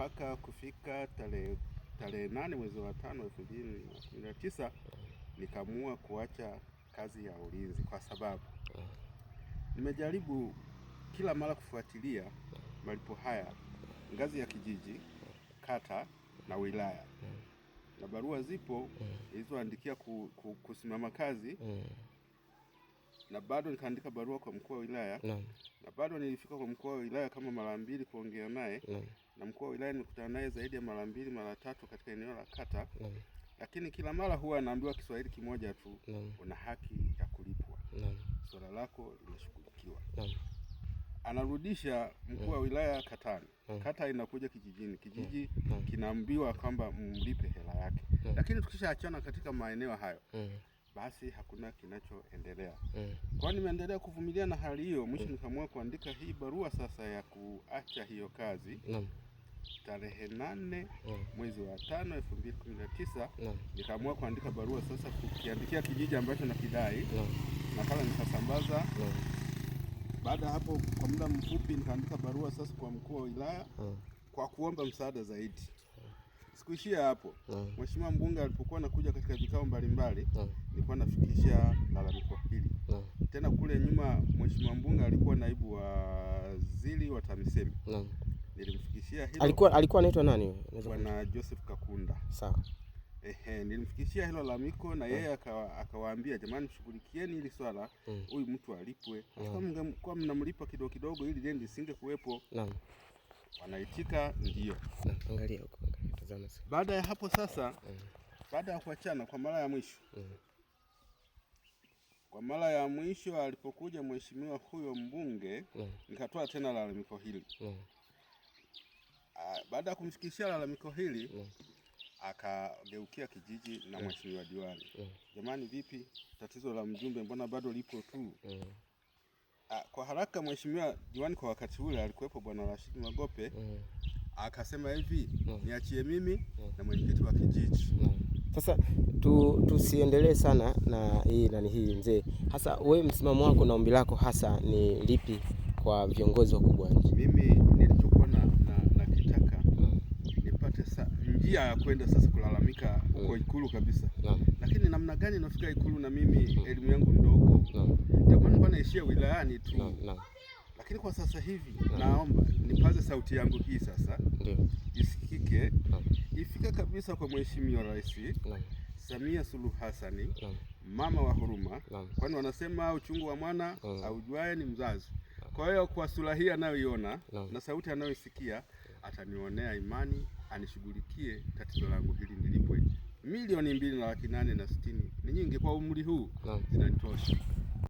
mpaka kufika tarehe tarehe nane mwezi wa tano elfu mbili na kumi na tisa nikaamua kuacha kazi ya ulinzi kwa sababu nimejaribu kila mara kufuatilia malipo haya ngazi ya kijiji, kata na wilaya, na barua zipo mm. ilizoandikia kusimama kazi mm na bado nikaandika barua kwa mkuu wa wilaya na, na bado nilifika kwa mkuu wa wilaya kama mara mbili kuongea naye na, na mkuu wa wilaya nimekutana naye zaidi ya mara mbili mara tatu katika eneo la kata na, lakini kila mara huwa anaambiwa Kiswahili kimoja tu na, una haki ya kulipwa swala lako linashughulikiwa. Anarudisha mkuu wa wilaya katani, kata inakuja kijijini, kijiji kinaambiwa kwamba mlipe hela yake, lakini tukishaachana katika maeneo hayo basi hakuna kinachoendelea. Mm. Kwa nimeendelea kuvumilia na hali hiyo, mwisho mm. nikaamua kuandika hii barua sasa ya kuacha hiyo kazi mm. tarehe nane mm. mwezi wa tano elfu mbili kumi na tisa mm. nikaamua kuandika barua sasa kukiandikia kijiji ambacho nakidai mm. nakala nikasambaza mm. baada ya hapo kwa muda mfupi nikaandika barua sasa kwa mkuu wa wilaya mm. kwa kuomba msaada zaidi Sikuishia hapo mm. Mheshimiwa mbunge alipokuwa anakuja katika vikao mbalimbali mm. nilikuwa nafikisha lalamiko hili mm. Tena kule nyuma Mheshimiwa mbunge alikuwa naibu waziri wa TAMISEMI mm. Nilimfikishia hilo. Alikuwa alikuwa anaitwa nani? Bwana Joseph Kakunda. Sawa. Ehe, nilimfikishia hilo lamiko na mm. yeye akawa, akawaambia jamani, shughulikieni hili swala, mm. huyu mm. mtu alipwe mm. kwa mnamlipa kidogo kidogo, ili lisinge kuwepo. Naam. Wanaitika ndio. Angalia huko. Baada ya hapo sasa, baada ya kuachana kwa mara ya mwisho kwa mara ya mwisho alipokuja mheshimiwa huyo mbunge mm. nikatoa tena lalamiko hili mm. baada ya kumfikishia lalamiko hili mm. akageukia kijiji na mheshimiwa diwani mm. jamani, vipi tatizo la mjumbe, mbona bado lipo tu? mm. Ah, A, kwa haraka mheshimiwa diwani kwa wakati ule alikuwepo bwana Rashid Magope mm akasema hivi mm. niachie mimi mm. na mwenyekiti wa kijiji mm. Sasa tu, tusiendelee sana na hii nani hii mzee, hasa we msimamo wako na ombi lako hasa ni lipi kwa viongozi wakubwa nchi? Mimi nilichokuwa na, na, na kitaka mm. nipate sa, njia ya kwenda sasa kulalamika huko mm. Ikulu kabisa mm. lakini namna gani nafika Ikulu na mimi mm. elimu yangu ndogo, jamani, mm. maana naishia wilayani tu mm. mm. Lakini kwa sasa hivi yeah. Naomba nipaze sauti yangu hii sasa yeah. Isikike yeah. Ifike kabisa kwa Mheshimiwa Rais yeah. Samia Suluhu Hassani yeah. Mama wa huruma Kwani wanasema uchungu wa mwana aujuae ni mzazi Kwa hiyo kwa sura hii anayoiona na sauti anayoisikia atanionea imani anishughulikie tatizo langu hili nilipwe milioni mbili na laki nane na sitini. Ni nyingi kwa umri huu, zinanitosha.